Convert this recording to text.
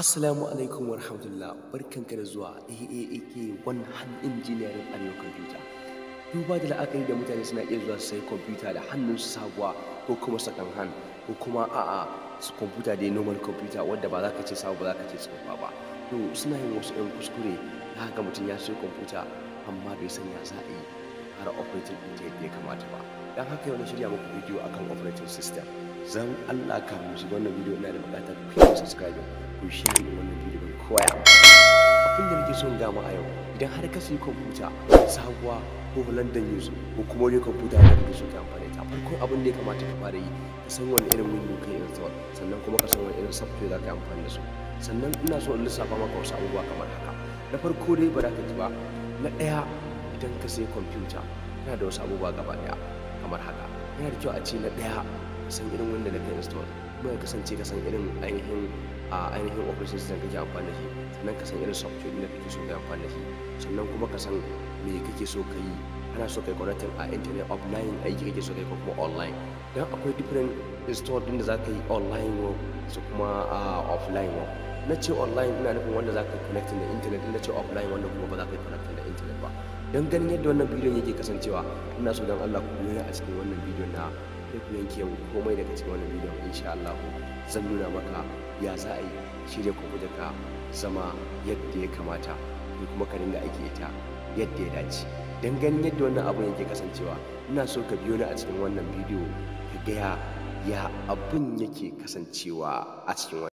Assalamu alaikum wa rahmatullah ka da zuwa AAAK One Hand Engineering and Computer. Duba da la'akari da mutane suna iya zuwa su sayi kwamfuta da hannun su sabuwa ko kuma sakan hand ko kuma a'a su kwamfuta dai normal kwamfuta wadda ba za ka ce ba za ka ce tsofa ba. To suna yin wasu ɗan kuskure da haka mutum ya sai kwamfuta amma bai san ya za a yi har operating ɗin ya kamata ba. Don haka yau na shirya muku bidiyo akan operating system. zan Allah ka musu wannan bidiyo ina da bukatar ku yi subscribe ku share ni wannan bidiyo ban kowa ya abin da nake so gama a yau idan har ka sayi kwamfuta sabuwa ko London yanzu ko kuma wani kwamfuta da kake so ka amfani ta farko abin da ya kamata ka fara yi ka san wani irin window ka zuwa sannan kuma ka san wani irin software za ka yi amfani da su sannan ina so in lissafa maka wasu abubuwa kamar haka na farko dai ba za ka ji ba na ɗaya idan ka sayi kwamfuta yana da wasu abubuwa gaba ɗaya kamar haka yana da kyau a ce na ɗaya ka san irin wanda da kai install kuma ka kasance ka san irin ainihin a ainihin operation system kake amfani da shi sannan ka san irin software da kake so ka amfani da shi sannan kuma ka san me kake so ka yi ana so kai connecting a internet offline aiki kake so kai ko kuma online dan akwai different install din da za ka yi online ko su kuma offline ko na ce online ina nufin wanda za ka yi connecting da internet na ce offline wanda kuma ba za ka yi connecting da internet ba don ganin yadda wannan bidiyon yake kasancewa ina so don allah ku nuna a cikin wannan bidiyon na sai yanke mu komai daga cikin wannan bidiyon insha Allah zan nuna maka ya za a yi shirya kwamfutar ka zama yadda ya kamata ko kuma ka dinga aiki ita yadda ya dace dan ganin yadda wannan abun yake kasancewa ina so ka biyo ni a cikin wannan bidiyo ka gaya ya abun yake kasancewa a cikin